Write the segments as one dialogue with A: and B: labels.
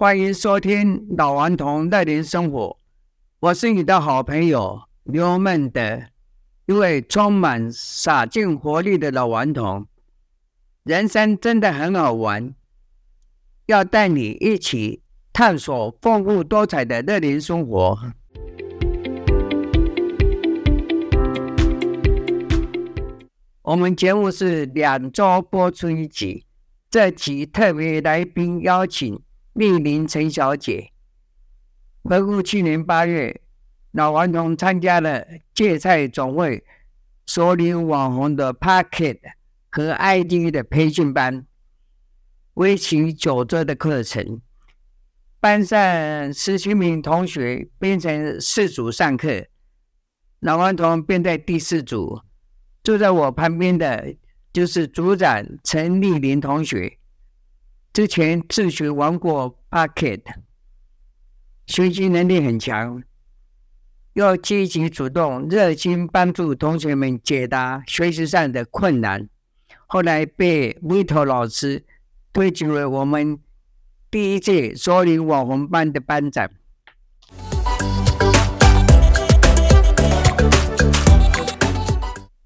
A: 歡迎收聽《老頑童樂齡生活》，我是你的好朋友劉曼德，一位充滿灑勁活力的老頑童。人生真的很好玩，要帶你一起探索豐富多彩的樂齡生活。嗯、我們節目是兩周播出一集，這期特別來賓邀請。俐霖陳小姐，回顧去年八月，老頑童參加了芥菜種會熟齡網紅的 Podcast 和 ID 的培訓班，為期九周的課程。班上十七名同學編成四組上課，老頑童便在第四組，坐在我旁邊的，就是組長陳俐霖同學。之前自學玩過 Podcast，學習能力很強，要積極主動，熱心幫助同學們解答學習上的困難。後來被 Vito 老師推舉為我們第一屆“熟齡網紅班”的班長。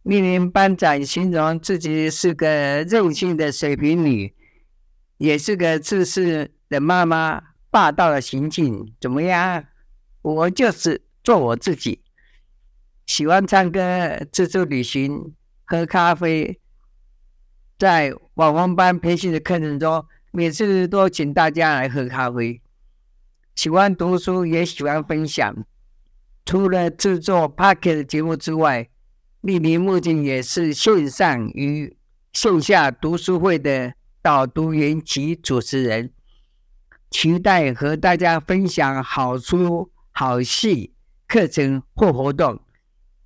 A: 俐霖 班長形容自己是個任性的水瓶女。也是個自私的媽媽，霸道的行徑，怎麼樣？我就是做我自己，喜歡唱歌、自助旅行、喝咖啡。在網紅班培訓的課程中，每次都請大家來喝咖啡。喜歡讀書，也喜歡分享。除了製作 Podcast 的節目之外，俐霖目前也是線上與線下讀書會的導讀員及主持人，期待和大家分享好書、好戲、課程或活動，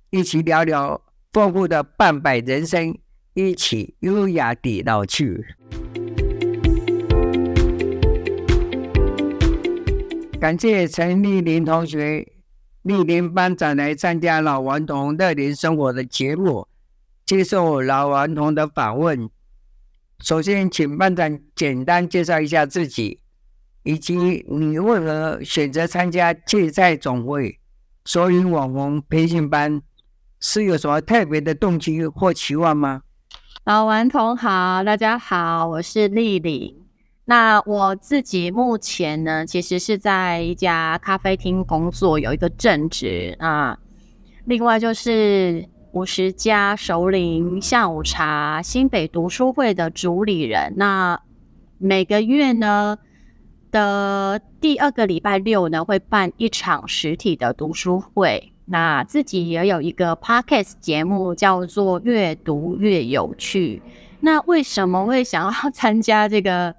A: 一起聊聊豐富的半百人生，一起優雅地老去。感謝陳俐霖同學、俐霖班長來參加老頑童樂齡生活的節目，接受老頑童的訪問。首先，請班長簡單介紹一下自己，以及你為何選擇參加“芥菜種會”“熟齡網紅培訓班”，是有什麼特別的動機或期望嗎？
B: 老頑童好，大家好，我是俐霖。那我自己目前呢，其實是在一家咖啡廳工作，有一個正職啊，另外就是。五十加熟齡下午茶新北讀書會的主理人，那每個月呢的第二個禮拜六呢會辦一場實體的讀書會。那自己也有一個 Podcast 節目叫做《閱讀悅有趣》。那為什麼會想要參加這個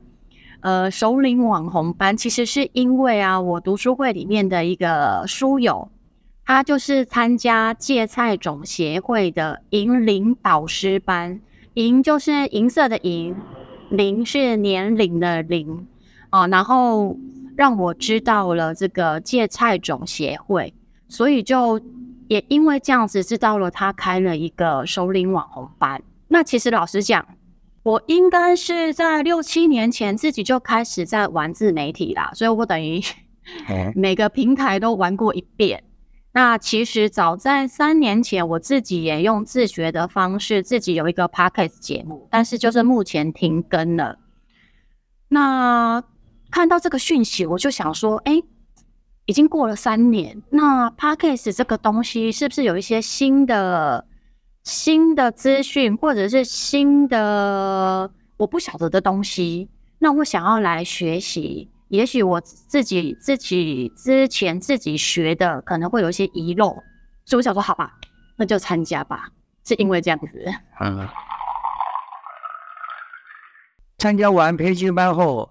B: 呃熟齡網紅班？其實是因為啊，我讀書會裡面的一個書友。他就是參加芥菜種協會的銀齡導師班，銀就是銀色的銀，齡是年齡的齡，啊、哦，然後讓我知道了這個芥菜種協會，所以就也因為這樣子知道了他開了一個熟齡網紅班。那其實老實講，我應該是在六七年前自己就開始在玩自媒體啦，所以我等於 每個平台都玩過一遍。那其實早在三年前，我自己也用自學的方式自己有一個 podcast 節目，但是就是目前停更了。那看到這個訊息，我就想說，哎，已經過了三年，那 podcast 這個東西是不是有一些新的新的資訊，或者是新的我不曉得的東西？那我想要來學習。也許我自己自己之前自己學的可能會有一些遺漏，所以我想說，好吧，那就參加吧。是因為這樣子，嗯、
A: 啊。參加完培訓班後，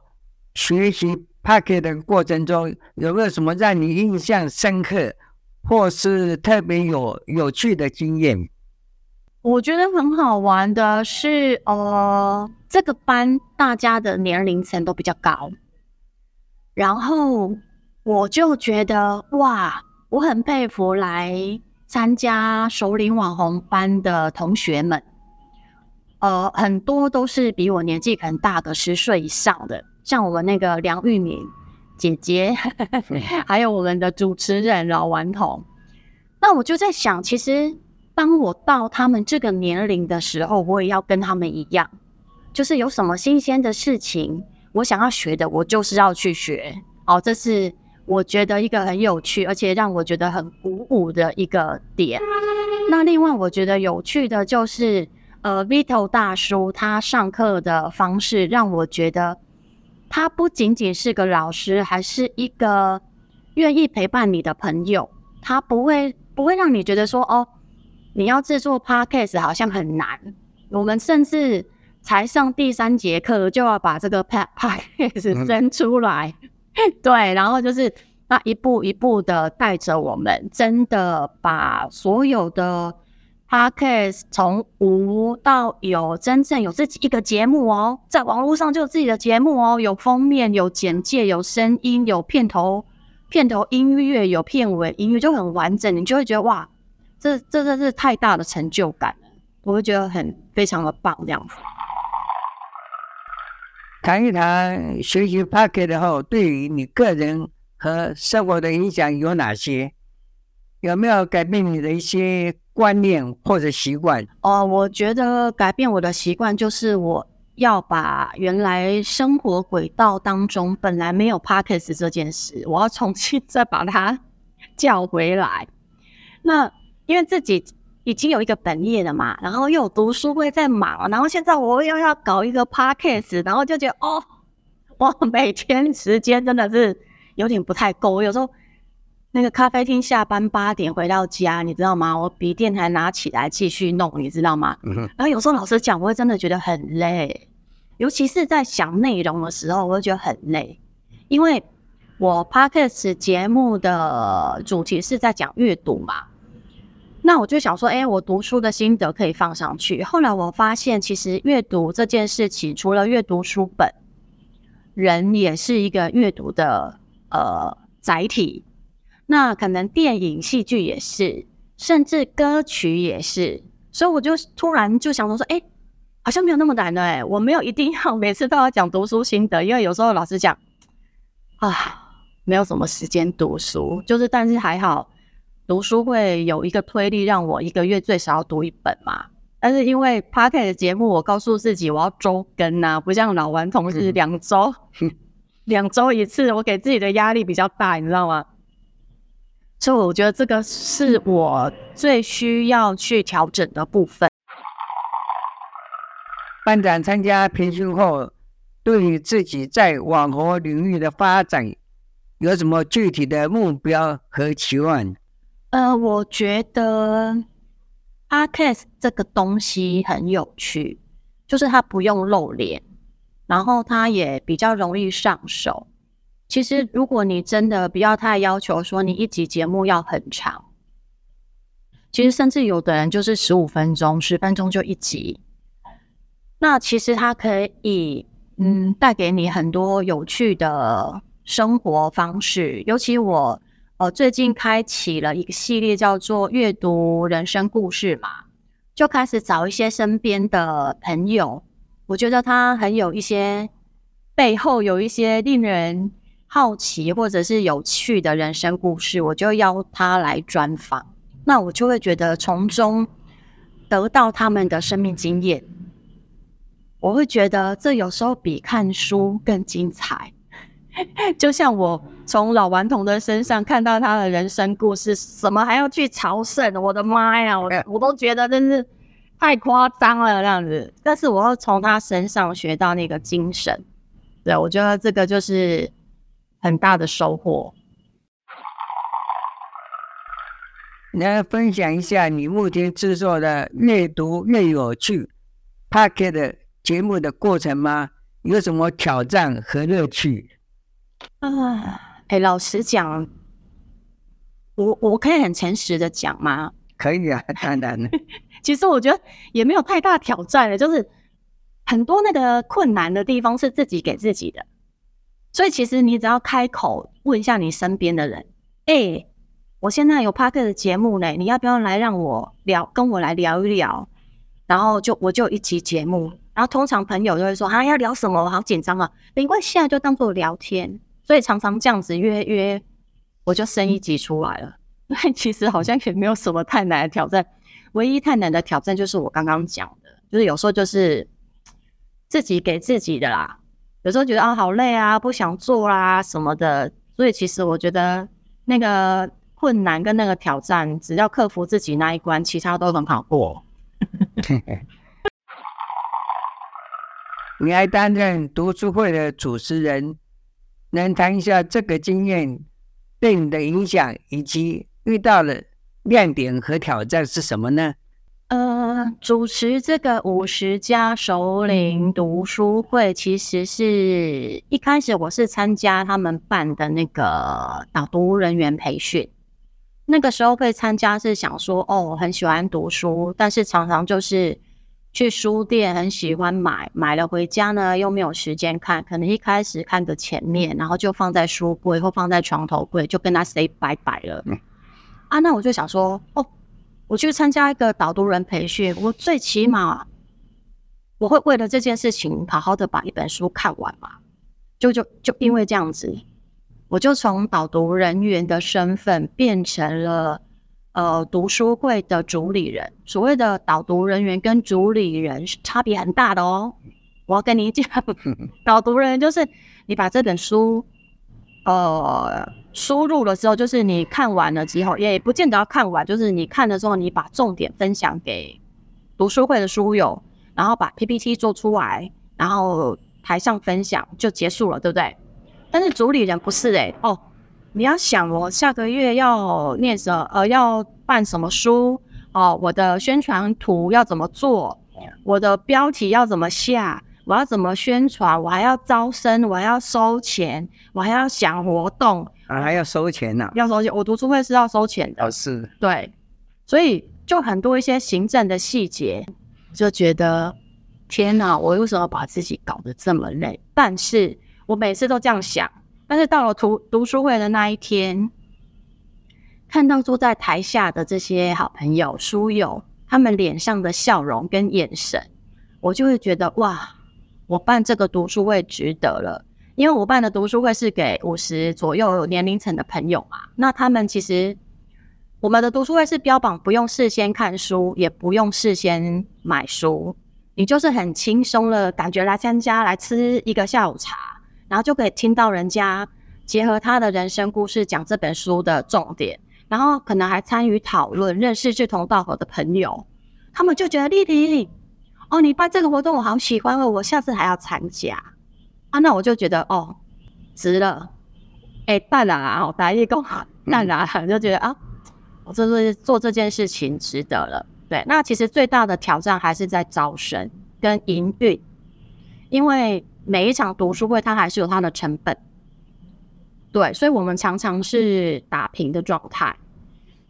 A: 學習 Podcast 的過程中，有沒有什麼讓你印象深刻，或是特別有有趣的經驗？
B: 我覺得很好玩的是，呃，這個班大家的年齡層都比較高。然後我就覺得哇，我很佩服來參加熟齡網紅班的同學們，呃，很多都是比我年紀可能大的十歲以上的，像我們那個梁玉敏姐姐， 還有我們的主持人老頑童。 那我就在想，其實當我到他們這個年齡的時候，我也要跟他們一樣，就是有什麼新鮮的事情。我想要學的，我就是要去學。好，哦，這是我覺得一個很有趣，而且讓我覺得很鼓舞的一個點。那另外，我覺得有趣的就是，呃，Vito 大叔他上課的方式讓我覺得，他不僅僅是個老師，還是一個願意陪伴你的朋友。他不會不會讓你覺得說，哦，你要制作 Podcast 好像很難。我們甚至。才上第三節課就要把這個 podcast 那 生出來， 對，然後就是那一步一步的帶着我們，真的把所有的 podcast 從無到有，真正有自己一個節目哦，在網絡上就有自己的節目哦，有封面、有簡介、有聲音、有片頭、片頭音樂、有片尾音樂，就很完整。你就會覺得哇，這這真的是太大的成就感了，我會覺得很非常的棒這樣子。
A: 談一談學習 Podcast 後對於你個人和生活的影響有哪些？有沒有
B: 改變你的一些觀念或者習慣？哦、呃，我覺得改變我的習慣就是我要把原來生活軌道當中本來沒有 Podcast 這件事，我要重新再把它叫回來。那因為自己，已經有一個本業了嘛，然後又讀書會在忙，然後現在我又要搞一個 Podcast，然後就覺得哦，我每天時間真的是有點不太夠。我有時候那個咖啡廳下班八點回到家，你知道嗎？我筆電還拿起來繼續弄，你知道嗎？嗯、哼然後有時候老實講，我會真的覺得很累，尤其是在想內容的時候，我會覺得很累，因為我 Podcast 節目的主題是在講閱讀嘛。那我就想說，哎、欸，我讀書的心得可以放上去。後來我發現，其實閱讀這件事情，除了閱讀書本，人也是一個閱讀的呃載體。那可能電影、戲劇也是，甚至歌曲也是。所以我就突然就想說，哎、欸，好像沒有那麼難呢、欸。我沒有一定要每次都要講讀書心得，因為有時候老實講啊，沒有什麼時間讀書，就是，但是還好。讀書會有一個推力，讓我一個月最少要讀一本嘛。但是因為 Podcast 的節目，我告訴自己我要周更吶、啊，不像老頑童是兩周，嗯、 兩周一次，我給自己的壓力比較大，你知道嗎？所以我覺得這個是我最需要去調整的部分。
A: 班長參加培訓後，對於自己在網紅領域的發展有什麼具體的目標和期望？
B: 呃，我覺得 Podcast 這個東西很有趣，就是它不用露臉，然後它也比較容易上手。其實，如果你真的不要太要求說你一集節目要很長，其實甚至有的人就是十五分鐘、十分鐘就一集，那其實它可以嗯帶給你很多有趣的生活方式，尤其我。我最近開啟了一個系列，叫做閱讀人生故事嘛，就開始找一些身邊的朋友。我覺得他很有一些背後有一些令人好奇或者是有趣的人生故事，我就邀他來專訪。那我就會覺得從中得到他們的生命經驗，我會覺得這有時候比看書更精彩。就像我。從老頑童的身上看到他的人生故事。什麼還要去朝聖？我的媽呀我，我都覺得真是太誇張了這樣子。但是我要從他身上學到那個精神，對，我覺得這個就是很大的收穫。
A: 能、嗯、分享一下你目前製作的《閱讀悅有趣》Podcast 的節目的過程嗎？有什麼挑戰和樂趣？
B: 啊。哎、欸，老實講，我我可以很誠實的講嗎？可以啊，當然。 其實我覺得也沒有太大挑戰了，就是很多那個困難的地方是自己給自己的。所以其實你只要開口問一下你身邊的人：“哎、欸，我現在有 Podcast 的節目嘞，你要不要來讓我聊，跟我來聊一聊？”然後就我就一集節目，然後通常朋友就會說：“啊，要聊什麼？我好緊張啊。”沒關係，現在就當做聊天。所以常常這樣子約約，我就生一集出來了。所、嗯、其實好像也沒有什麼太難的挑戰，唯一太難的挑戰就是我剛剛講的，就是有時候就是自己給自己的啦。有時候覺得啊好累啊，不想做啊什麼的。所以其實我覺得那個困難跟那個挑戰，只要克服自己那一關，其他都很好過。
A: 哦、 你還擔任讀書會的主持人。能談一下這個經驗對你的影響，以及遇到了亮點和挑戰是什麼呢？呃，
B: 主持這個五十家熟齡讀書會，其實是一開始我是參加他們辦的那個導、啊、讀人員培訓，那個時候會參加是想說哦，我很喜歡讀書，但是常常就是。去書店很喜歡買，買了回家呢又沒有時間看，可能一開始看個前面，然後就放在書櫃或放在床頭櫃，就跟他 say 拜拜了。嗯、啊，那我就想說，哦，我去參加一個導讀人培訓，我最起碼我會為了這件事情好好的把一本書看完嘛，就就就因為這樣子，我就從導讀人員的身份變成了，呃，讀書會的主理人，所謂的導讀人員跟主理人是差別很大的哦。我要跟你講，導讀人員就是你把這本書，呃，輸入了之後，就是你看完了之後，也不見得要看完，就是你看的時候，你把重點分享給讀書會的書友，然後把 PPT 做出來，然後台上分享就結束了，對不對？但是主理人不是誒、欸、哦。你要想我下個月要念什麼？呃，要辦什麼書？哦，我的宣傳圖要怎麼做？我的標題要怎麼下？我要怎麼宣傳？我還要招生，我還要收錢，我還要想活動，啊，還要收錢呢、啊。要收錢，我讀書會是要收錢的，啊、是。對，所以就很多一些行政的細節，就覺得天哪，我為什麼把自己搞得這麼累？但是我每次都這樣想。但是到了讀讀書會的那一天，看到坐在台下的這些好朋友、書友，他們臉上的笑容跟眼神，我就會覺得哇，我辦這個讀書會值得了。因為我辦的讀書會是給五十左右年齡層的朋友嘛，那他們其實我們的讀書會是標榜不用事先看書，也不用事先買書，你就是很輕鬆的感覺來參加，來吃一個下午茶。然後就可以聽到人家結合他的人生故事講這本書的重點，然後可能還參與討論，認識志同道合的朋友，他們就覺得俐霖哦，你辦這個活動我好喜歡，我下次還要參加啊，那我就覺得哦，值了，哎，當然啊，百業共好，當然、啊、就覺得啊，我這是做這件事情值得了。對，那其實最大的挑戰還是在招生跟營運，因為。每一場讀書會，它還是有它的成本，對，所以，我們常常是打平的狀態。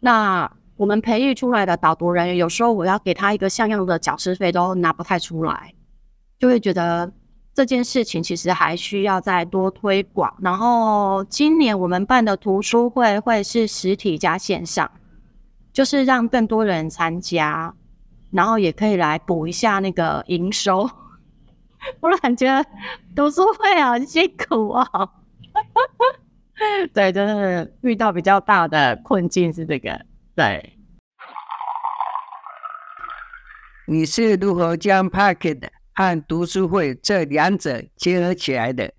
B: 那我們培育出來的導讀人員，有時候我要給他一個像樣的講師費，都拿不太出來，就會覺得這件事情其實還需要再多推廣。然後，今年我們辦的讀書會會是實體加線上，就是讓更多人參加，然後也可以來補一下那個營收。我突然覺得讀書會很辛苦啊、哦， 對，就是遇到比較大的困境是這個。對，
A: 你是如何將 Podcast 和讀書會這兩者結合起來的？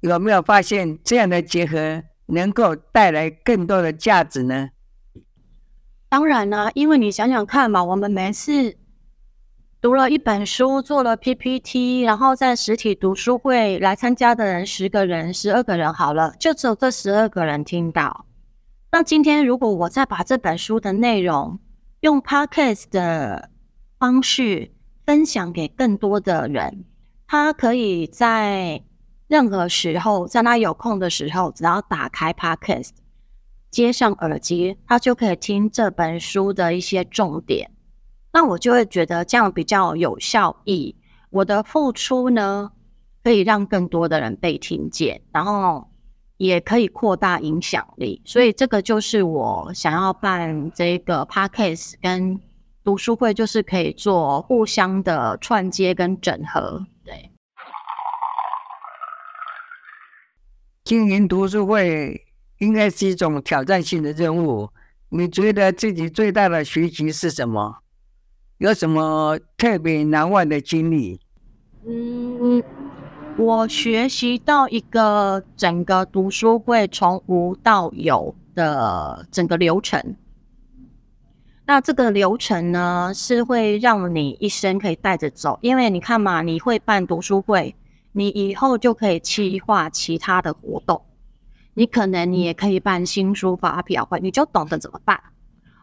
A: 有沒有發現這樣的結合能夠帶來更多的價值呢？
B: 當然呢、啊、因為你想想看嘛，我們每次。讀了一本書，做了 PPT，然後在實體讀書會來參加的人十個人、十二個人，好了，就只有這十二個人聽到。那今天如果我再把這本書的內容用 Podcast 的方式分享給更多的人，他可以在任何時候，在他有空的時候，只要打開 Podcast，接上耳機，他就可以聽這本書的一些重點。那我就會覺得這樣比較有效益，我的付出呢，可以讓更多的人被聽見，然後也可以擴大影響力。所以這個就是我想要辦這個 Podcast 跟讀書會，就是可以做互相的串接跟整合。對，
A: 經營讀書會應該是一種挑戰性的任務。你覺得自己最大的學習是什麼？有什麼特別難忘的經歷？嗯，
B: 我學習到一個整個讀書會從無到有的整個流程。那這個流程呢，是會讓你一生可以帶着走，因為你看嘛，你會辦讀書會，你以後就可以企劃其他的活動。你可能你也可以辦新書發表會，你就懂得怎麼辦。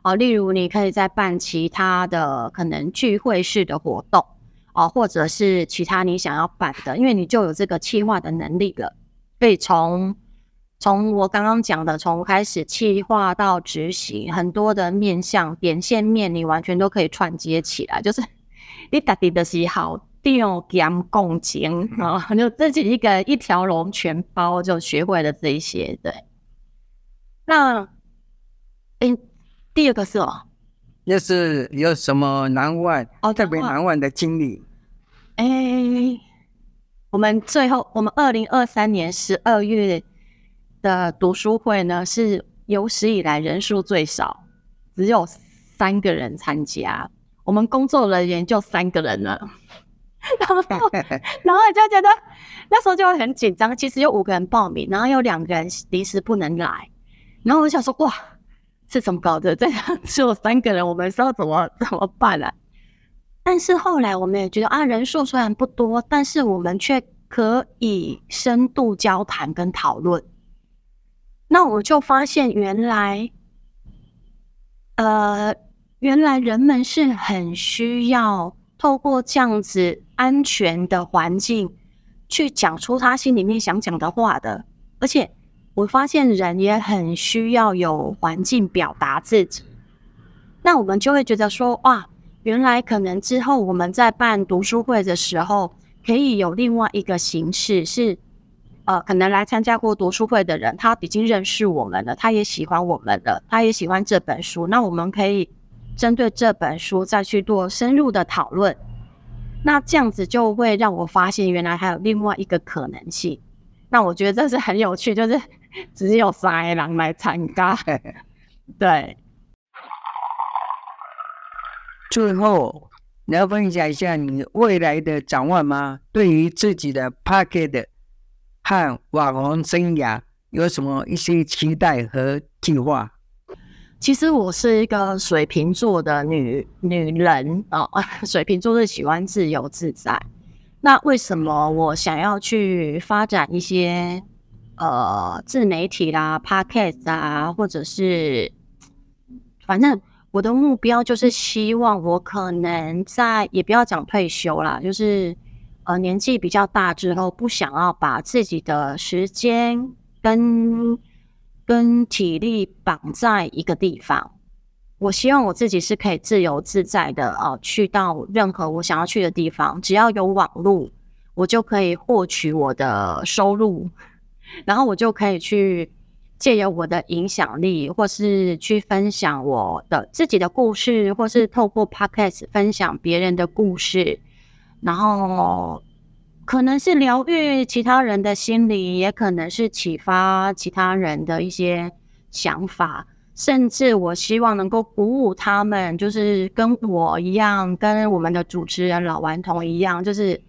B: 哦，例如你可以再辦其他的可能聚會式的活動，哦，或者是其他你想要辦的，因為你就有這個企劃的能力了。所以從從我剛剛講的，從開始企劃到執行，很多的面向、點線面，你完全都可以串接起來。就是你打底的喜好、定、講、共情啊，就自己一個一條龍全包就學會了這一些。對，那哎。欸第二個是哦，
A: 要是有什麼難忘哦，外特別難忘的經歷
B: 哎哎。哎,我們最後我們二零二三年十二月的讀書會呢，是有史以來人數最少，只有三個人參加，我們工作人員就三個人了。然後，然後就覺得 那時候就很緊張。其實有五個人報名，然後有兩個人臨時不能來，然後我就想說哇。是怎麼搞的？在 家只有三個人，我們是要怎麼怎麼辦啊？但是後來我們也覺得啊，人數雖然不多，但是我們卻可以深度交談跟討論。那我就發現，原來，呃，原來人們是很需要透過這樣子安全的環境，去講出他心裡面想講的話的，而且。我發現人也很需要有環境表達自己，那我們就會覺得說，哇，原來可能之後我們在辦讀書會的時候，可以有另外一個形式是，呃，可能來參加過讀書會的人，他已經認識我們了，他也喜歡我們了，他也喜歡這本書，那我們可以針對這本書再去做深入的討論，那這樣子就會讓我發現原來還有另外一個可能性，那我覺得這是很有趣，就是。只有三人來參加， 對。最後，你要分享一下你
A: 未來的展望嗎？對於自己的 Podcast 和網紅
B: 生涯，有什麼一些期待和計劃？其實我是一個水瓶座的女女人哦。水瓶座是喜歡自由自在。那為什麼我想要去發展一些？呃，自媒體啦、podcast 啊，或者是，反正我的目標就是希望我可能在，也不要講退休啦，就是呃年紀比較大之後，不想要把自己的時間跟跟體力綁在一個地方。我希望我自己是可以自由自在的，呃，去到任何我想要去的地方，只要有網絡，我就可以獲取我的收入。然後我就可以去借由我的影響力，或是去分享我的自己的故事，或是透過 Podcast 分享別人的故事，然後可能是療癒其他人的心靈，也可能是啟發其他人的一些想法，甚至我希望能夠鼓舞他們，就是跟我一樣，跟我們的主持人老頑童一樣，就是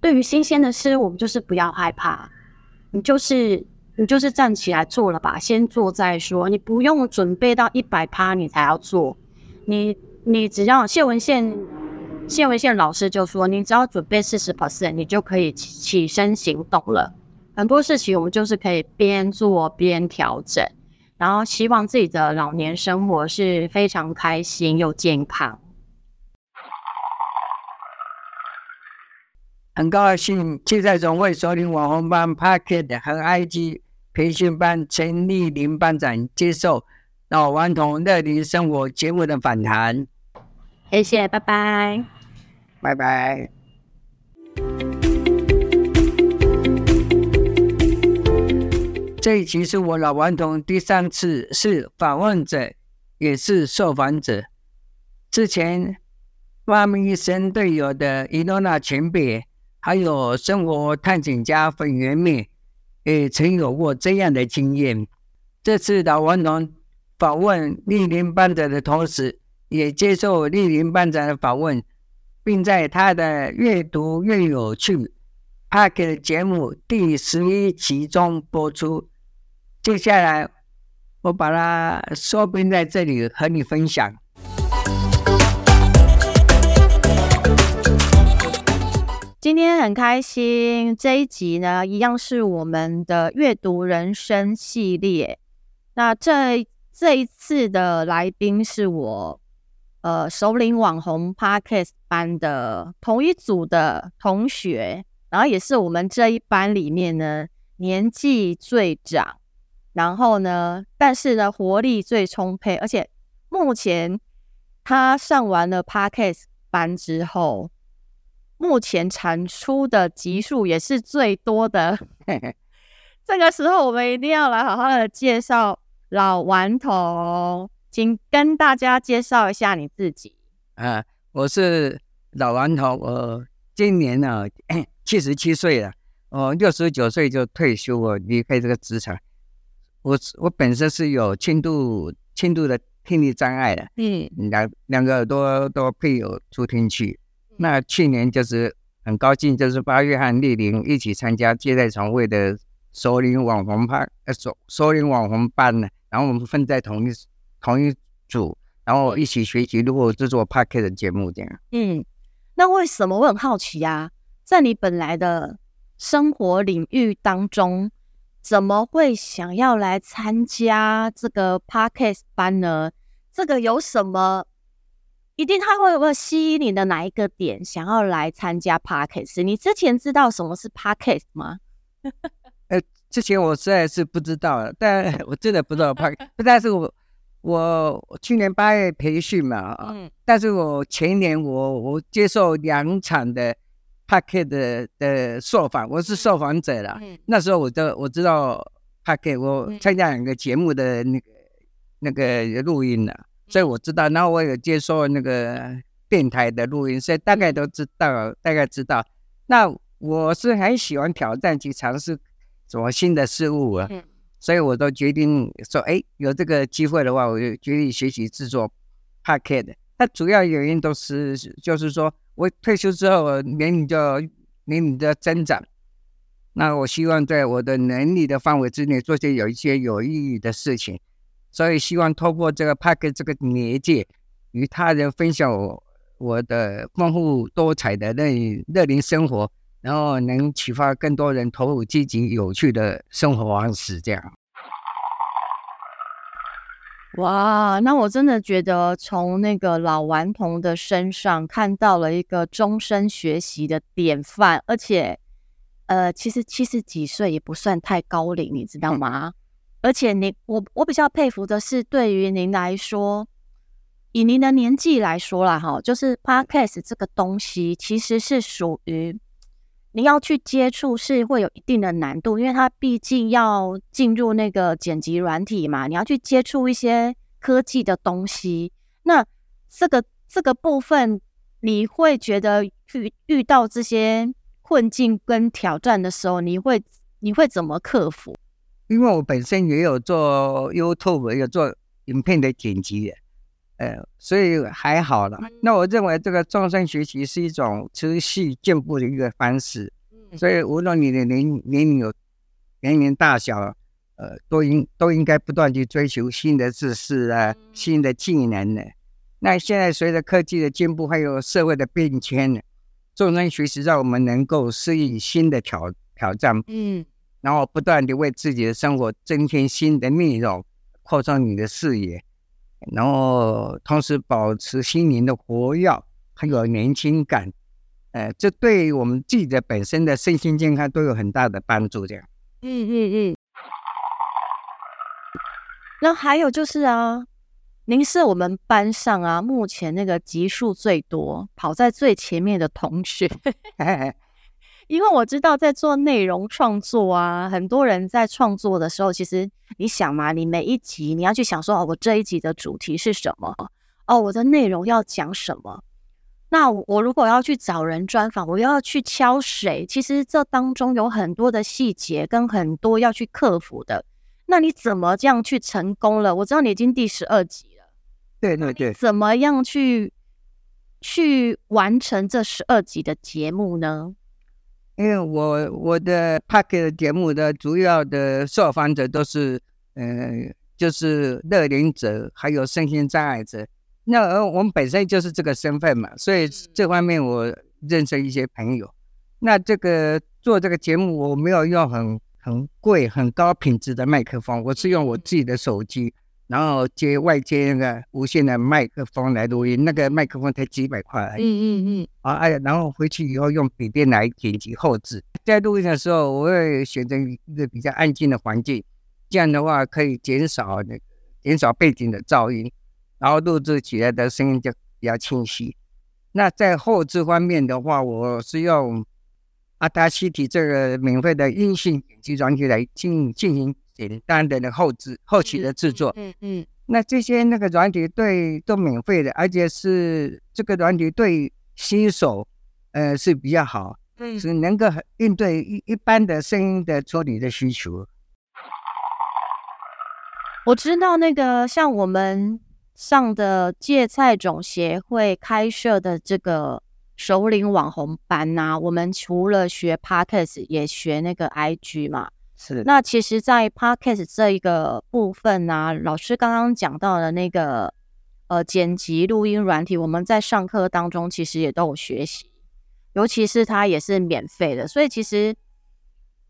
B: 對於新鮮的事，我們就是不要害怕。你就是你就是站起來做了吧，先做再說，你不用準備到一百趴，你才要做，你你只要謝文憲謝文憲老師就說，你只要準備四十 percent，你就可以起身行動了。很多事情我們就是可以邊做邊調整，然後希望自己的老年生活是非常開心又健康。
A: 很高興，芥菜種會熟齡網紅班 Podcast 和 IG 培訓班陳俐霖班長接受老頑童樂齡生活節目的訪談。謝謝，拜拜，拜拜。這一期是我老頑童第三次是訪問者，也是受訪者。之前，媽咪醫生隊友的伊諾娜前輩。還有生活探險家粉圓妹也曾有過這樣的經驗。這次老頑童訪問俐霖班長的同時，也接受俐霖班長的訪問，並在她的《閱讀悅有趣》Podcast 節目第十一期中播出。接下來，我把它縮編在這裡和你分享。
B: 今天很開心，這一集呢，一樣是我們的閱讀人生系列。那這這一次的來賓是我，呃，熟齡網紅 Podcast 班的同一組的同學，然後也是我們這一班裡面呢，年紀最長，然後呢，但是呢活力最充沛，而且目前他上完了 Podcast 班之後。目前產出的集數也是最多的。嘿嘿。這個時候，我們一定要來好好的介紹老頑童，哦，請跟大家介紹一下你自己。嗯，
A: 啊，我是老頑童，我今年呢七十七歲了，我六十九歲就退休了，我離開這個職場。我我本身是有輕度輕度的聽力障礙的，嗯，兩兩個耳朵都配有助聽器。那去年就是很高興，就是八月和俐霖一起參加芥菜種會的熟齡網紅班，呃，熟熟齡網紅班呢，然後我們分在同一同一組，然後一起學習如何制作 Podcast 的節目這樣。嗯，
B: 那為什麼我很好奇啊？在你本來的生活領域當中，怎麼會想要來參加這個 Podcast 班呢？這個有什麼？一定他會有沒有吸引你的哪一個點，想要來參加 Podcast？你之前知道什麼是 Podcast 嗎？ 呃，之前
A: 我實在是不知道，但我真的不知道 Podcast， 但是我，我我去年八月培訓嘛，嗯，但是我前年我我接受兩場的 Podcast 的的受訪，我是受訪者了，嗯、那時候我都我知道 Podcast，我參加兩個節目的那個、嗯、那個錄音了。所以我知道，那我有接受那個電台的錄音，所以大概都知道，大概知道。那我是很喜歡挑戰去嘗試什麼新的事物，啊，嗯、所以我都決定說，哎、欸，有這個機會的話，我就決定學習制作 Podcast 的。那主要原因都是，就是說我退休之後年齡就年齡的增長，那我希望在我的能力的範圍之內，做些有一些有意義的事情。所以，希望透過這個 Podcast 這個年紀，與他人分享我我的豐富多彩的那那零生活，然後能啟發更多人投入積極有趣的生活方式。這樣。
B: 哇，那我真的覺得從那個老頑童的身上看到了一個終身學習的典範，而且，呃，其實七十幾歲也不算太高齡，你知道嗎？嗯而且您，我我比較佩服的是，對於您來說，以您的年紀來說啦哈，就是 Podcast 這個東西其實是屬於你要去接觸，是會有一定的難度，因為它畢竟要進入那個剪輯軟體嘛，你要去接觸一些科技的東西。那這個這個部分，你會覺得遇遇到這些困境跟挑戰的時候，你會你會怎麼克服？
A: 因為我本身也有做 YouTube，也有做影片的剪輯，呃，所以還好了。那我認為這個終身學習是一種持續進步的一個方式，所以無論你的年年齡有年齡大小，呃，都應都應該不斷去追求新的知識啊，新的技能呢、啊。那現在隨着科技的進步，還有社會的變遷，終身學習讓我們能夠適應新的挑挑戰。嗯。然後不斷地為自己的生活增添新的內容，擴張你的視野，然後同時保持心靈的活躍，還有年輕感，哎、呃，這對我們自己的本身的身心健康都有很大的幫助。這樣，嗯
B: 嗯嗯。那還有就是啊，您是我們班上啊，目前那個集數最多，跑在最前面的同學。 因為我知道，在做內容創作啊，很多人在創作的時候，其實你想嘛，你每一集你要去想說，哦，我這一集的主題是什麼？哦，我的內容要講什麼？那我如果要去找人專訪，我要去敲誰？其實這當中有很多的細節跟很多要去克服的。那你怎麼這樣去成功了？我知道你已經第十二集了，對對對，那對那怎麼樣去去完成這十二集的節目呢？
A: 因為我我的 p a 的節目的主要的受訪者都是，嗯、呃、就是樂齡者，還有身心障礙者。那而我們本身就是這個身份嘛，所以這方面我認識一些朋友。那這個做這個節目，我沒有用很很貴、很高品質的麥克風，我是用我自己的手機。然後接外接那個無線的麥克風來錄音，那個麥克風才幾百塊而已嗯。嗯嗯嗯。啊，哎呀，然後回去以後用筆電來剪輯後製。在錄音的時候，我會選擇一個比較安靜的環境，這樣的話可以減少那個減少背景的噪音，然後錄製起來的聲音就比較清晰。那在後製方面的話，我是用 Audacity 這個免費的音訊剪輯軟件來進行進行。簡單的那後製後期的製作，嗯嗯，嗯嗯，那這些那個軟體對都免費的，而且是這個軟體對新手，呃，是比較好，嗯、是能夠應對一一般的聲音的處理的需求。
B: 我知道那個像我們上的芥菜種協會開設的這個熟齡網紅班吶、啊，我們除了學 Podcast，也學那個 IG 嘛。是，那其實，在 Podcast 這一個部分呢、啊，老師剛剛講到的那個，呃，剪輯錄音軟體，我們在上課當中其實也都有學習，尤其是它也是免費的，所以其實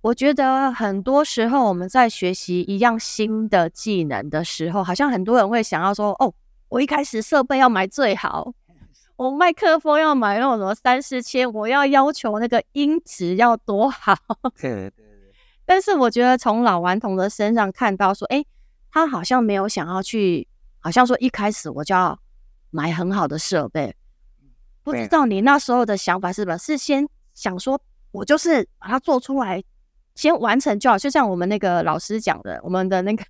B: 我覺得很多時候我們在學習一樣新的技能的時候，好像很多人會想要說，哦，我一開始設備要買最好，我麥克風要買那種什麼三四千，我要要求那個音質要多好，對對是。 但是我覺得從老頑童的身上看到說，哎、欸，他好像沒有想要去，好像說一開始我就要買很好的設備，不知道你那時候的想法是什麼？對是先想說，我就是把它做出來，先完成就好。就像我們那個老師講的，我們的那個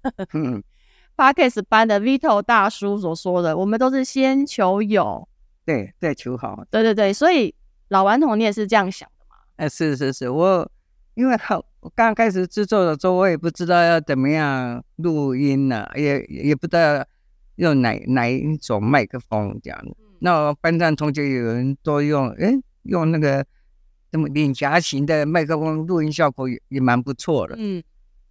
B: Podcast、嗯、 班的 Vito 大叔所說的，我們都是先求有，對，再求好。對對對，所以老頑童，你也是這樣想的嗎？哎、呃，是是是，我因為好。剛開始製作的時候，我也不
A: 知道要怎麼樣錄音呢、啊，也也不知道用哪哪一種麥克風這樣。嗯、那我班長同學有人都用，哎、欸，用那個什麼領夾型的麥克風，錄音效果也也蠻不錯的。嗯，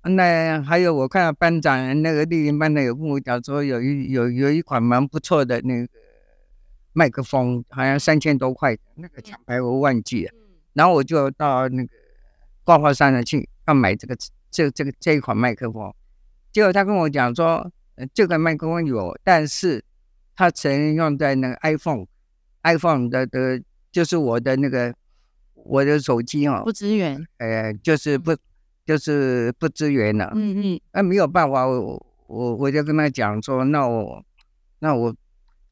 A: 那還有我看到班長那個錄音班的有跟我講說有有有，有一有有一款蠻不錯的那個麥克風，好像三千多塊，那個品牌我忘記了。嗯、然後我就到那個。掛到商場去，要買這個這這個這一款麥克風，結果他跟我講說，呃、這個麥克風有，但是他只能用在那個 iPhone，iPhone 的的就是我的那個我的手機啊、哦、不支援，呃，就是不就是不支援了，嗯嗯，那、嗯啊、沒有辦法，我我我就跟他講說，那我那我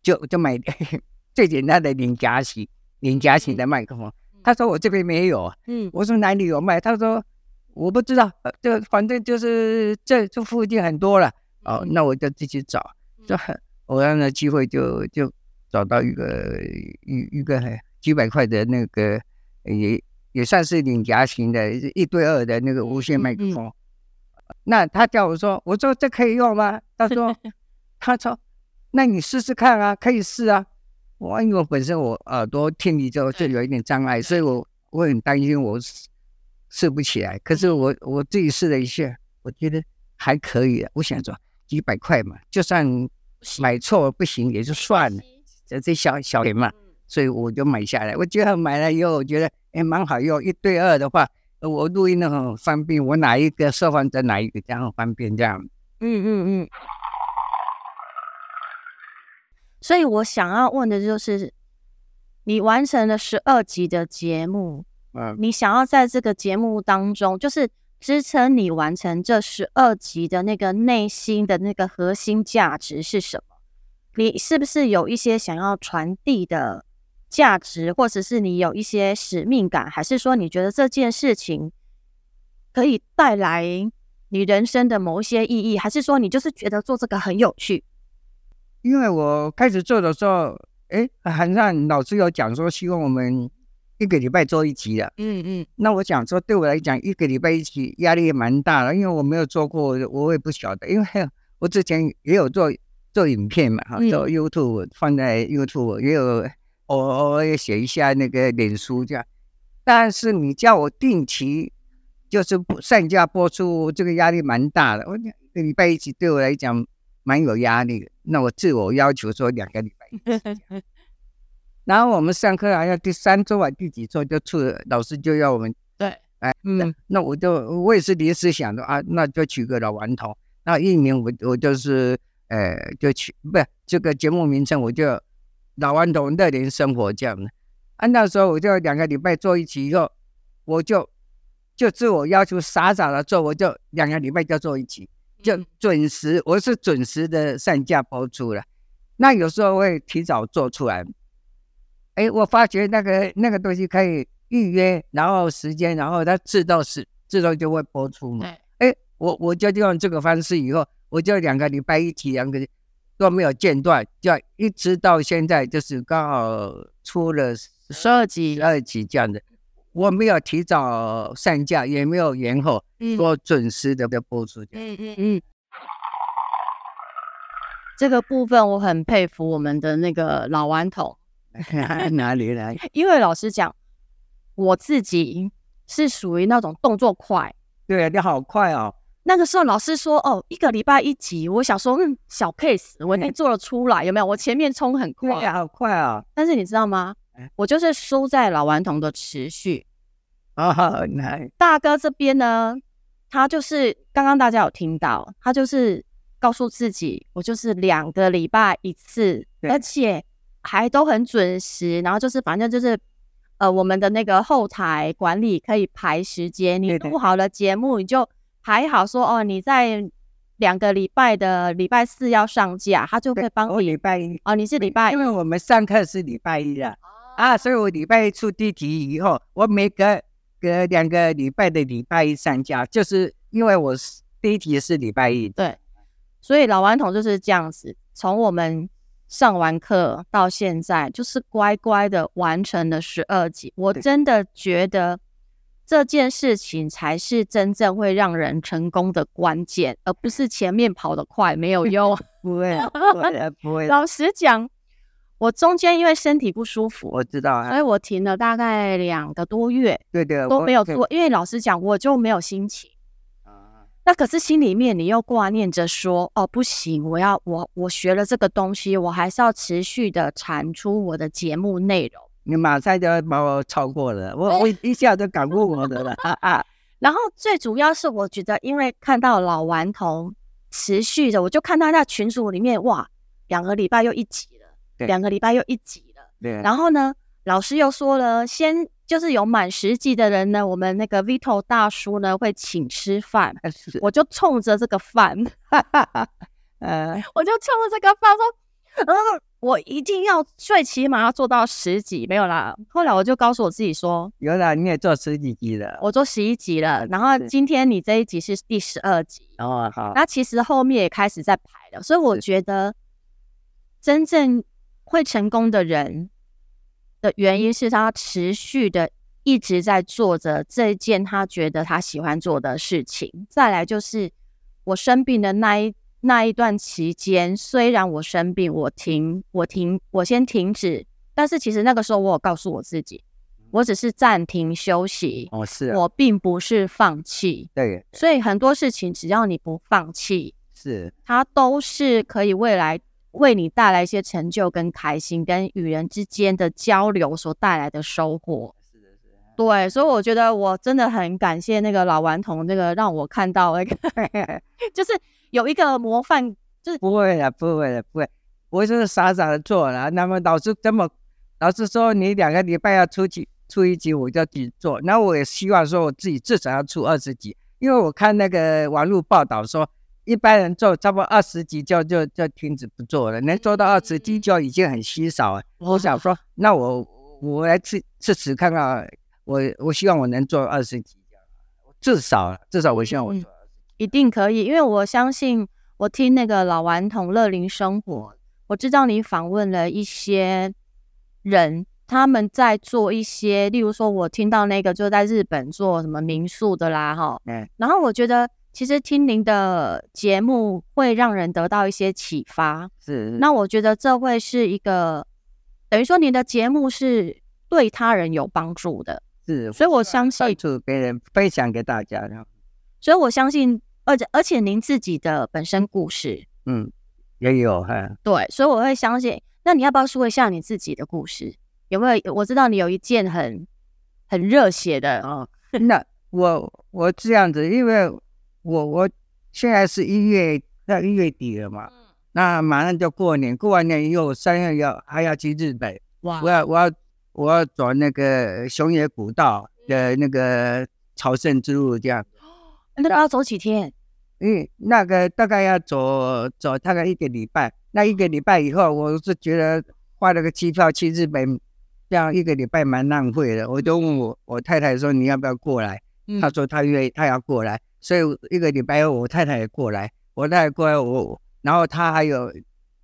A: 就就買點最簡單的領夾型領夾型的麥克風。他說我這邊沒有，嗯，我說哪裡有賣？他說我不知道，呃，就反正就是這這附近很多了。嗯、哦，那我就自己找，嗯、就很偶然的機會就就找到一個一一個幾百塊的那個也也算是領夾型的，一對二的那個無線麥克風。嗯嗯、那他叫我說，我說這可以用嗎？他說 他說那你試試看啊，可以試啊。我因為我本身我耳朵聽力就就有一點障礙，所以我我很擔心我試不起來。可是我我自己試了一下，我覺得還可以的。我想說，幾百塊嘛，就算買錯不行也就算了，這這小小錢嘛，所以我就買下來。我之後買了以後，覺得哎蠻好用。一對二的話，我錄音都很方便，我哪一個收放在哪一個這樣方便這樣。嗯嗯嗯。
B: 所以我想要問的就是，你完成了十二集的節目，嗯，你想要在這個節目當中，就是支撐你完成這十二集的那個內心的那個核心價值是什麼？你是不是有一些想要傳遞的價值，或者是你有一些使命感，還是說你覺得這件事情可以帶來你人生的某一些意義，還是說你就是覺得做這個很有趣？
A: 因為我開始做的時候，哎、欸，好像老師有講說，希望我們一個禮拜做一集的。嗯嗯。那我想說，對我來講，一個禮拜一集壓力也蠻大的，因為我沒有做過，我也不曉得。因為我之前也有做做影片嘛，哈，做 YouTube 放在 YouTube、嗯、也有，偶爾偶爾寫一下那個臉書這樣。但是你叫我定期，就是上架播出，這個壓力蠻大的。我講一個禮拜一集，對我來講。蠻有壓力的，那我自我要求說兩個禮拜一次 然後我們上課，好像第三周啊，第幾周就出老師就要我們對，哎，嗯，那我就我也是臨時想的啊，那就取個老頑童。那一年我我就是，呃就取不是這個節目名稱，我就老頑童樂齡生活這樣的。按、啊、那時候我就兩個禮拜做一期，以後我就就自我要求傻傻的做，我就兩個禮拜就做一期。就準時，我是準時的上架播出了。那有時候會提早做出來。哎，我發覺那個那個東西可以預約，然後時間，然後它自動是自動就會播出嘛。哎，我我就用這個方式，以後我就兩個禮拜一期，兩個都沒有間斷，就一直到現在，就是剛好出了十二集，十二集這樣的。我沒有提早上架，也沒有延後，做準時的的播出。嗯嗯
B: 嗯。這個部分我很佩服我們的那個老頑童。哪裡來？因為老師講，我自己是屬於那種動作快。
A: 對啊，你好快哦。
B: 那個時候老師說：“哦，一個禮拜一集。”我想說，嗯，小 case，我一定做得出來，嗯、有沒有？我前面衝很快。對，好快哦。但是你知道嗎？.我就是輸在老頑童的持續啊，難。Oh, nice. 大哥這邊呢，他就是剛剛大家有聽到，他就是告訴自己，我就是兩個禮拜一次，對而且還都很準時。然後就是反正就是呃，我們的那個後台管理可以排時間，你錄好了節目，對對，你就排好說哦。你在兩個禮拜的禮拜四要上架，他就可以幫你禮拜一哦，你是禮拜，因為我們上課是禮拜一啊。哦啊，所以我禮拜一出第一題以後，
A: 我每個隔隔兩個禮拜的禮拜一上架，就是因為我是第一題是禮拜一的。對，
B: 所以老頑童就是這樣子，從我們上完課到現在，就是乖乖的完成了十二集。我真的覺得這件事情才是真正會讓人成功的關鍵，而不是前面跑得快，沒有用。 不會，不會，不會。 老實講。我中間因為身體不舒服，
A: 我知道、啊，所以
B: 我停了大概兩個多月，對的對，都沒有做。Okay、因為老實講，我就沒有心情啊。那可是心裡面你又掛念着說，哦，不行，我要我我學了這個東西，我還是要持續的產出我的節目內容。你馬上就要把我超過了，我我一下就趕過我的了。然後最主要是我覺得，因為看到老頑童持續的，我就看他那群組裡面，哇，兩個禮拜又一集。兩個禮拜又一集了，對啊、然後呢，老師又說了，先就是有滿十集的人呢，我們那個 Vito 大叔呢會請吃飯,是我就衝着這個飯、 呃，我就衝着這個飯，呃，我就衝着這個飯說，嗯，我一定要最起碼要做到十集。」沒有啦。後來我就告訴我自己說，有啦，你也做十幾集了，我做十一集了。然後今天你這一集是第十二集，哦好對。那其實後面也開始在排了，所以我覺得真正。會成功的人的原因是他持續的一直在做着這件他覺得他喜歡做的事情。再來就是我生病的那一那一段期間，雖然我生病我，我停，我停，我先停止。但是其實那個時候，我有告訴我自己，我只是暫停休息哦，是我並不是放棄。對，所以很多事情，只要你不放棄，是它都是可以未來。為你帶來一些成就跟開心，跟與人之間的交流所帶來的收穫。是的，是的。是的。對，所以我覺得我真的很感謝那個老頑童，那個讓我看到那個， 就是有一個模範，就是
A: 不會的，不會的，不會。我就是傻傻的做了。那麼老師這麼，老師說你兩個禮拜要出幾出一集，我就去做。那我也希望說我自己至少要出二十集，因為我看那個網絡報道說。一般人做差不多二十幾就就就停止不做了，能做到二十幾就已經很稀少了。哇我想說，那我我來試試試看看，我我希望我能做二十幾，至少至少我希望我做二
B: 十、嗯。一定可以，因為我相信。我聽那個老頑童樂齡生活，我知道你訪問了一些人，他們在做一些，例如說，我聽到那個就在日本做什麼民宿的啦，哈、嗯。然後我覺得。其實聽您的節目會讓人得到一些啟發，是。那我覺得這會是一個，等於說您的節目是對他人有幫助的，是。所以我相信為主、啊、別人分享給大家的。啊、所以我相信，而且而且您自己的本身故事，
A: 嗯，也有哈。啊、
B: 對，所以我會相信。那你要不要說一下你自己的故事？有沒有？我知道你有一件很很熱血的、啊、 那我我這樣子，因為。我我
A: 現在是一月到一月底了嘛，嗯、那馬上就過年，過完年以後三月要還要去日本，哇我要我要我要走那個熊野古道的那個朝聖之路，這樣，
B: 嗯、那個要走幾天？嗯，
A: 那個大概要走走大概一個禮拜，那一個禮拜以後，我是覺得花了個機票去日本，這樣一個禮拜蠻浪費的，我就問我我太太說，你要不要過來？他、嗯、說她願意，他要過來。所以一個禮拜後，我太太也過來。我太太過來，我然後她還有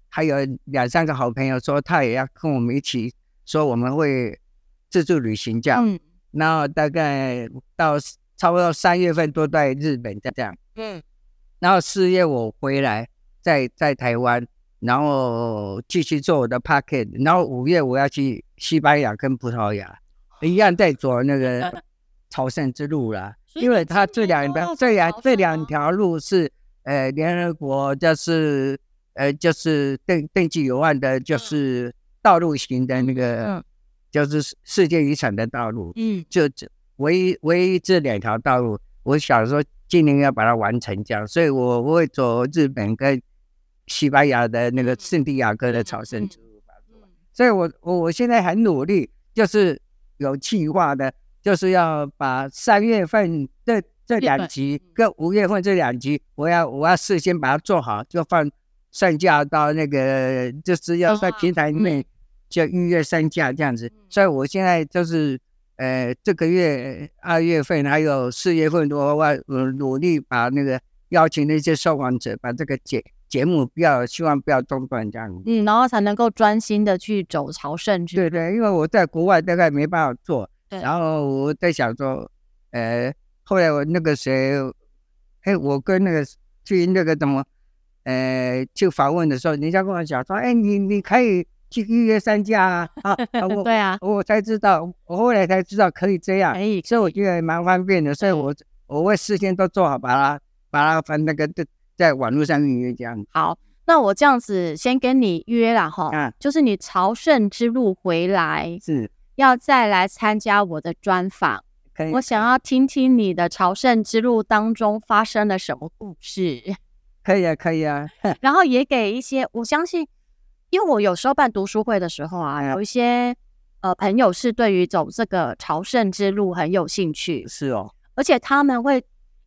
A: 還有兩三個好朋友說，她也要跟我們一起，說我們會自助旅行這樣。然後大概到差不多三月份都在日本這樣。嗯。然後四月我回來，在在台灣，然後繼續做我的 Podcast。然後五月我要去西班牙跟葡萄牙，一樣在走那個朝聖之路了啊。因為它這兩邊，這兩這兩條路是，呃，聯合國就是，呃，就是登登記有案的，就是道路型的那個，就是世界遺產的道路。嗯。就這唯一唯一這兩條道路，我想說今年要把它完成這樣，所以我會走日本跟西班牙的那個聖地亞哥的朝聖之路。所以我我我現在很努力，就是有計劃的。就是要把三月份這這兩集跟五月份這兩集，我要我要事先把它做好，就放上架到那個，就是要在平台裡面就預約上架這樣子。所以我現在就是，呃，這個月二月份還有四月份，我我努力把那個邀請那些受訪者，把這個節節目不要，希望不要中斷這樣。
B: 嗯，然後才能夠專心的去走朝聖去。對對，因為我在國外大概沒辦法做。對
A: 然後我在想說，呃，後來我那個誰，嘿,我跟那個去那個怎麼，呃，去訪問的時候，人家跟我講說，哎、欸，你你可以去預約三家啊。啊啊我 對啊。我才知道，我後來才知道可以這樣。可以可以，所以我覺得蠻方便的，所以我對 我會事先都做好，把它把它分那個在在網絡上預約這樣。好，
B: 那我這樣子先跟你約了哈。啊、就是你朝聖之路回來。是。要再來參加我的專訪，可以。我想要聽聽你的朝聖之路當中發生了什麼故事，可以啊，可以啊。然後也給一些，我相信，因為我有時候辦讀書會的時候啊，有一些呃朋友是對於走這個朝聖之路很有興趣，是哦。而且他們會，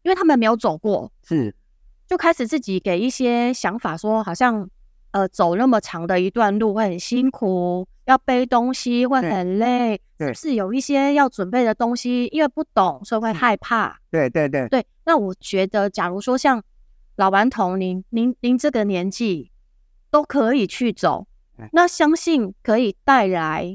B: 因為他們沒有走過，是，就開始自己給一些想法，說好像呃走那麼長的一段路會很辛苦。要背東西會很累，是,不是有一些要準備的東西，因為不懂所以會害怕。
A: 對對對對，
B: 那我覺得，假如說像老頑童您您您這個年紀都可以去走，嗯、那相信可以帶來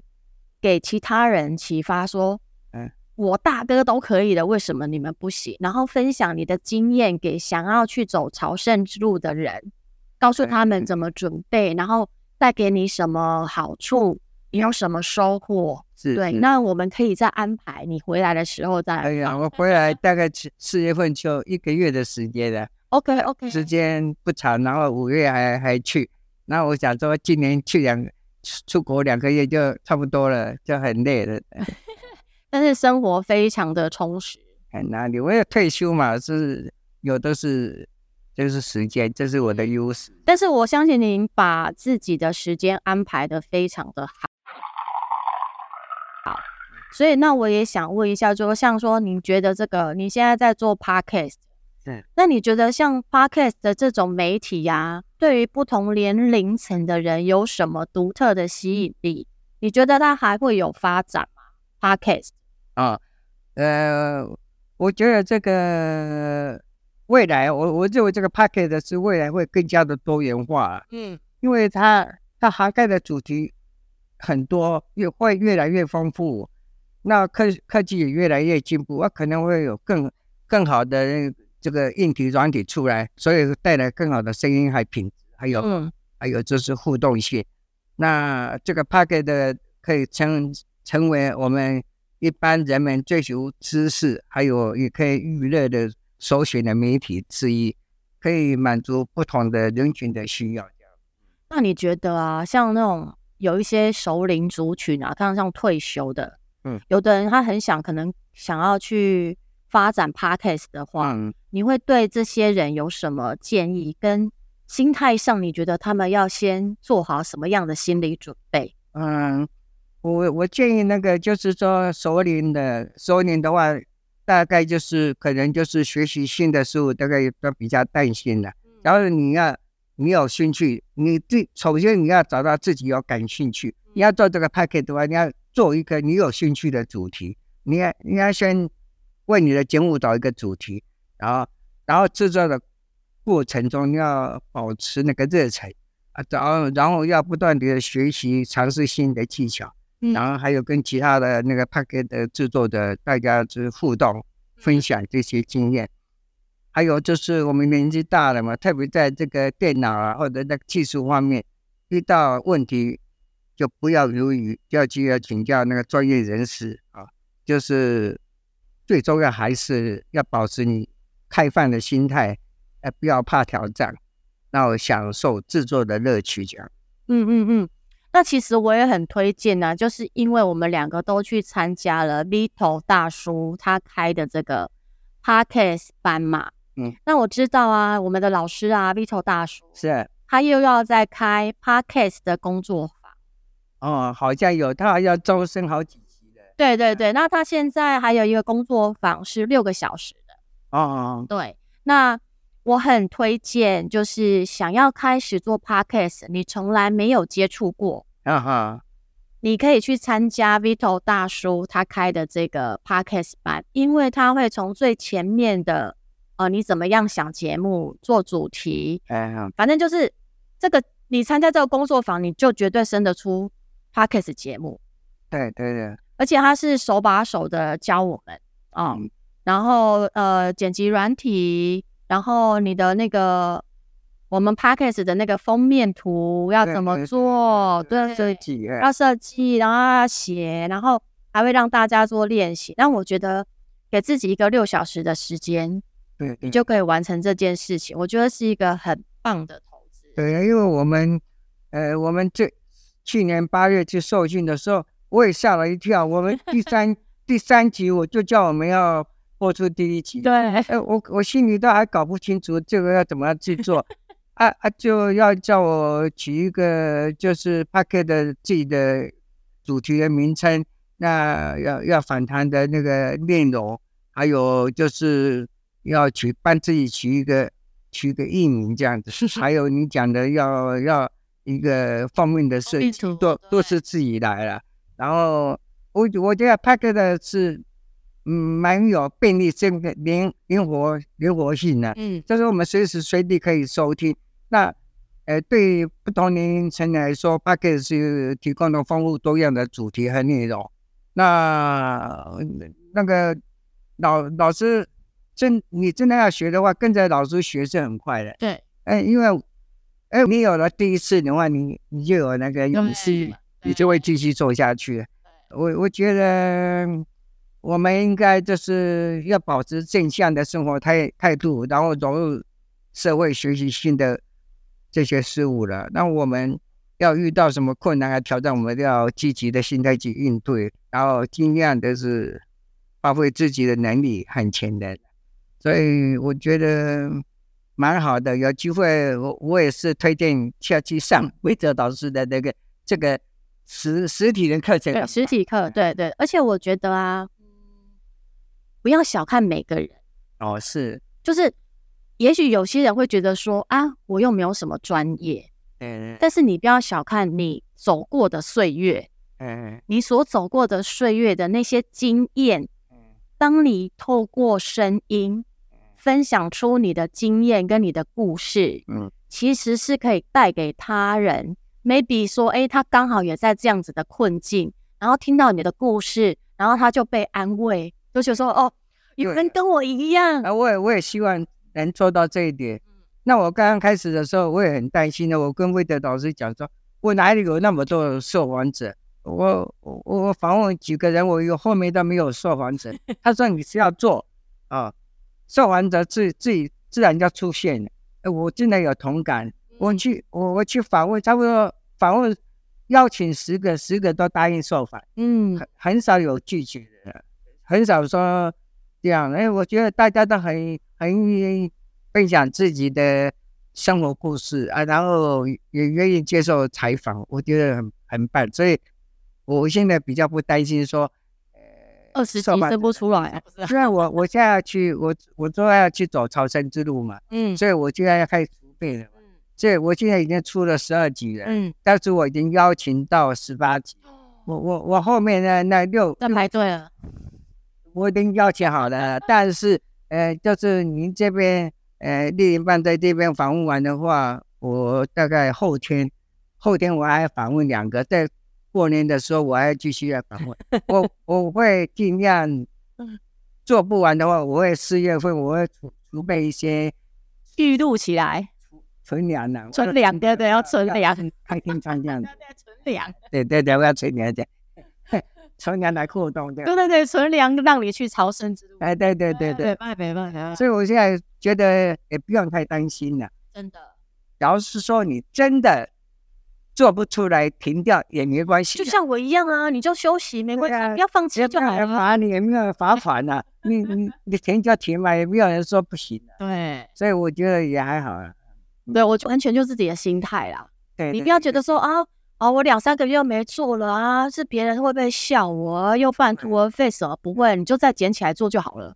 B: 給其他人啟發，說，嗯，我大哥都可以的，為什麼你們不行？然後分享你的經驗給想要去走朝聖之路的人，告訴他們怎麼準備，嗯、然後帶給你什麼好處。你有什麼收穫？是對，是那我們可以再安排，你回來的時候再
A: 安排。哎呀，我回來大概四四月份就一個月的時間了。OK OK， 時間不長，然後五月還還去，那我想說今年去兩出國兩個月就差不多了，就很累了。
B: 但是生活
A: 非常的充實，很難你為了退休嘛，是有的是就是時間，這是我的優勢。
B: 但是我相信您把自己的時間安排的非常的好。所以，那我也想問一下，就像說，您覺得這個你現在在做 Podcast，是？那你覺得像 Podcast 的這種媒體呀、啊，對於不同年齡層的人有什麼獨特的吸引力？你覺得它還會有發展嗎？Podcast？
A: 啊，呃，我覺得這個未來，我我認為這個 Podcast 是未來會更加的多元化，嗯，因為它它涵蓋的主題很多，也會越來越豐富。那科科技也越來越進步，我、啊、可能會有更更好的這個硬體軟體出來，所以帶來更好的聲音還品質還有、嗯、還有就是互動性。那這個 Podcast 可以成成為我們一般人們追求知識，還有也可以娛樂的首選的媒體之一，可以滿足不同的人群的需要。
B: 那你覺得啊，像那種有一些熟齡族群啊，看像退休的。嗯，有的人他很想，可能想要去發展 Podcast 的話，嗯、你會對這些人有什麼建議？跟心態上，你覺得他們要先做好什麼樣的心理準備？嗯，我我建議那個
A: 就是說，熟齡的熟齡的話，大概就是可能就是學習新的事物，大概都比較擔心的。然後你要。你有興趣，你最首先你要找到自己有感興趣。你要做這個 Podcast 的話，你要做一個你有興趣的主題。你要你要先為你的節目找一個主題，然後然後製作的過程中你要保持那個熱情啊,然後然後要不斷地學習，嘗試新的技巧,嗯、然後還有跟其他的那個 Podcast 的製作的大家就是互動，分享這些經驗。還有就是我們年紀大了嘛，特別在這個電腦啊或者那個技術方面遇到問題，就不要猶豫，要去要請教那個專業人士啊。就是最重要還是要保持你開放的心態，呃，不要怕挑戰，然後享受制作的樂趣。這樣。嗯
B: 嗯嗯。那其實我也很推薦呢、啊，就是因為我們兩個都去參加了 Vito 大叔他開的這個 Podcast 班嘛。嗯，那我知道啊，我們的老師啊，Vito 大叔是、啊，他又要再開 Podcast 的工作坊
A: 哦，好像有，他還要招生好幾期的。
B: 對對對，啊、那他現在還有一個工作坊是六個小時的。哦，哦，哦對，那我很推薦，就是想要開始做 Podcast，你從來沒有接觸過，啊哈，你可以去參加 Vito 大叔他開的這個 Podcast 班，因為他會從最前面的。呃，你怎麼樣想節目做主題？哎，反正就是這個，你參加這個工作坊，你就絕對生得出 Podcast 節目。對對對，而且他是手把手的教我們啊，嗯，然後呃，剪輯軟體，然後你的那個我們 Podcast 的那個封面圖要怎麼做？對，設計，要設計，然後要寫，然後還會讓大家做練習。但我覺得給自己一個六小時的時間。對，你就可以完成這件事情。我覺得是一個很棒
A: 的投資。對，因為我們，呃，我們這去年八月去受訓的時候，我也嚇了一跳。我們第三第三集我就叫我們要播出第一集，對，誒，我我心裡都還搞不清楚這個要怎麼樣去做，啊啊，就要叫我取一個就是 Podcast 的自己的主題的名稱，那要要訪談的那個內容，還有就是。要取幫自己取一個取一個藝名這樣子， 還有你講的要要一個方面的是都 都是自己來了，然後我我覺得 Podcast 的是蠻有便利性、靈靈活靈活性的，嗯，這是我們隨時隨地可以收聽。嗯、那呃，對不同年齡層來說，Podcast 是提供了豐富多樣的主題和內容。那那個老老師。真你真的要學的話，跟着老師學是很快的。對，哎、欸，因為哎、欸，你有了第一次的話，你你就有那個勇氣，你就會繼續做下去。我我覺得我們應該就是要保持正向的生活態態度，然後融入社會，學習新的這些事物了。那我們要遇到什麼困難和挑戰，我們要積極的心態去應對，然後儘量的是發揮自己的能力和潛能。所以我覺得蠻好的，有機會我我也是推薦下去上 Vito 導師的那個這個實實體的課程，對，實
B: 體課，對對。而且我覺得啊，不要小看每個人。哦，是，就是也許有些人會覺得說啊，我又沒有什麼專業，嗯的，但是你不要小看你走過的歲月，嗯，你所走過的歲月的那些經驗。當你透過聲音分享出你的經驗跟你的故事，嗯，其實是可以帶給他人。maybe 說，誒、欸，他剛好也在這樣子的困境，然後聽到你的故事，然後他就被安慰，就覺得說，哦，有
A: 人為跟我一樣。啊，我也我也希望能做到這一點。嗯、那我剛剛開始的時候，我也很擔心的。我跟 Vito 老師講說，我哪裡有那麼多受訪者？我我我訪問幾個人，我有後面都沒有受訪者。他說你是要做啊，受訪者自自己自然就出現了，我真的有同感。我去我我去訪問，差不多訪問邀請十個，十個都答應受訪。嗯，很很少有拒絕的，很少說這樣。哎，我覺得大家都很很願意分享自己的生活故事啊，然後也願意接受採訪，我覺得很很棒。所以。我現在比較不擔心說，
B: 呃，二十幾集生不出來啊。雖
A: 然我我現在要去我我都要去走朝聖之路嘛， 嗯，所以我現在要開始儲備了，嗯，所以我現在已經出了十二集了，嗯，但是我已經邀請到十八集，嗯、我我我後面呢那六在排隊啊。我已經邀請好了，但是呃，就是您這邊呃，另一半在這邊訪問完的話，我大概後天，後天我還要訪問兩個在。對過年的時候我 我，我還繼續要訪問。我我會盡量做不完的話，我會四月份我會儲儲備一些，啊，預錄起來，存糧呢？存糧
B: 對對，對要存糧，開天窗這樣子，存
A: 糧。對對對，我要存糧的，存 糧來過冬這樣。對
B: 對對，存 糧讓你去朝聖之
A: 路。哎，對對對對。
B: 賣肥。所以，我
A: 現在覺得也不用太擔心了。真的。只要是說你真的。做不出來，停掉也沒關係、啊，就像我一樣啊，你就休息，沒關係，啊、你不要放棄就好了。罰你也沒有罰款呢？
B: 你你你
A: 停掉停嘛，也沒有人說不行、啊、 對，所以我覺得也還好啊。
B: 對我完全就自己的心態啦。對，對，對你不要覺得說啊啊，我兩三個月沒做了啊，是別人會不會笑我、啊、又半途而廢，不會，你就再撿起來做就好了。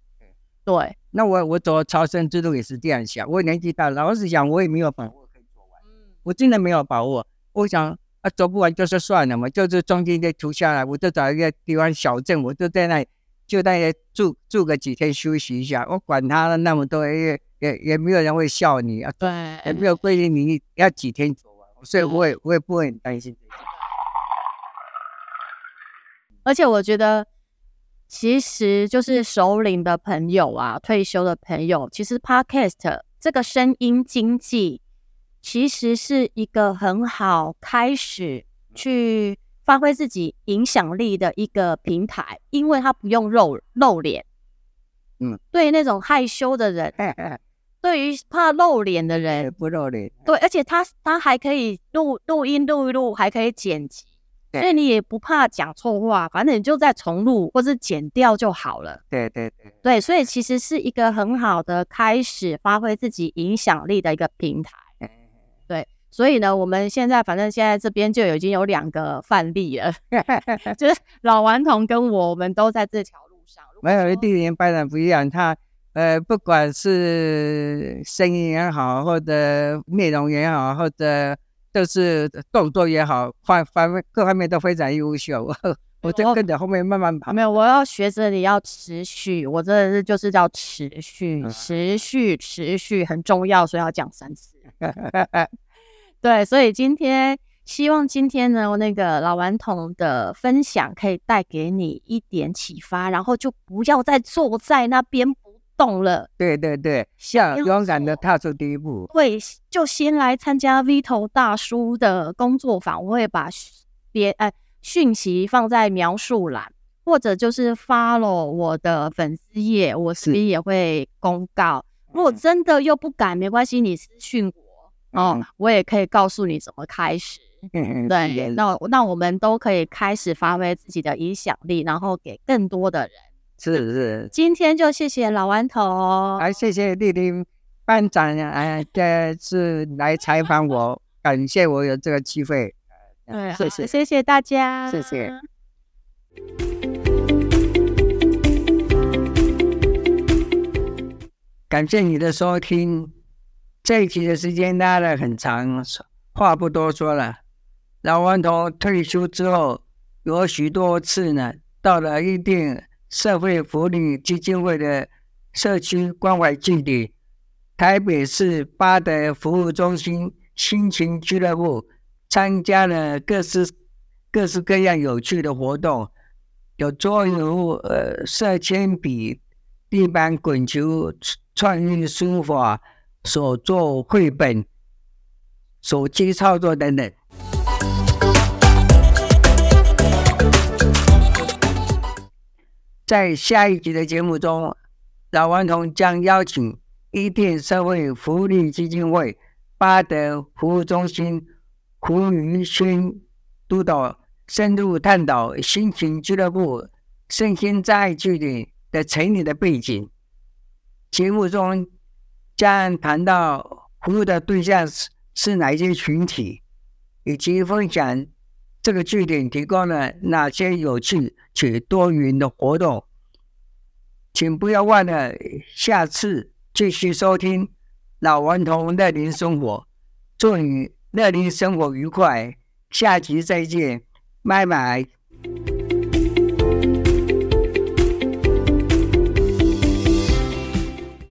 B: 對，對
A: 那我我走超生之路也是這樣想。我年紀大，老是想我也沒有把握可以做完，嗯、我真的沒有把握。我想啊，走不完就是算了嘛，就是中間就停下來，我就找一個地方小鎮，我就在那裡就在那裡住住個幾天休息一下，我管他那麼多，也也也沒有人會笑你啊，對也沒有規定你要幾天走完，所以我也我也不會很擔心這個。
B: 對而且我覺得，其實就是熟齡的朋友啊，退休的朋友，其實 Podcast 這個聲音經濟。其實是一個很好開始去發揮自己影響力的一個平台，因為它不用露露臉，嗯，對那種害羞的人，對於怕露臉的人不露臉，對，而且它它還可以錄錄音錄一錄，還可以剪輯，所以你也不怕講錯話，反正你就再重錄或是剪掉就好了。對對對，對，所以其實是一個很好的開始發揮自己影響力的一個平台。所以呢，我們現在反正現在這邊就已經有兩個範例了， 就是老頑童跟我，我們都在這條路上。沒有，第
A: 一年班長不一樣，他呃，不管是聲音也好，或者面容也好，或者就是動作也好，方方面各方
B: 面都非常優秀。 我就跟着後面慢慢跑。沒有，我要學着你要持續，我這就是叫持續、持續、持續、持續很重要，所以要講三次。 對，所以今天希望今天呢，那個老頑童的分享可以帶給你一點啟發，然後就不要再坐在那邊不動了。
A: 對對對，像勇敢的踏出第一步。
B: 對，就先來參加 Vito 大叔的工作坊，我會把別呃、哎，訊息放在描述欄，或者就是 follow 我的粉絲頁，我是也會公告。是如果真的又不敢，沒關係，你私訊。哦，我也可以告訴你怎麼開始。嗯嗯，對，是那那我們都可以開始發揮自己的影響力，然後給更多的人。是是。是今天就謝謝老頑童、哦，來謝謝俐霖班長，哎，這
A: 次來採訪我， 感謝我有這個機會。
B: 謝謝，謝謝大家，謝
A: 謝。感謝你的收聽。在一起的時間拉的很長，話不多說了。老頑童退休之後，有許多次呢，到了一定社會福利基金會的社區關懷據點，台北市八德服務中心親情俱樂部，參加了各式各式各樣有趣的活動，有桌遊、呃、色鉛筆、地板滾球、創意書法。手作繪本、手機操作等等。在下一集的節目中，老頑童將邀請伊甸社會福利基金會八德服務中心胡雲軒督導，導，深入探討心情俱樂部身心在聚的的成立的背景。節目中。將談到服務的對象是哪些群體，以及分享這個據點提供了哪些有趣且多元的活動。請不要忘了下次繼續收聽老頑童樂齡生活。祝你樂齡生活愉快，下期再見，拜拜。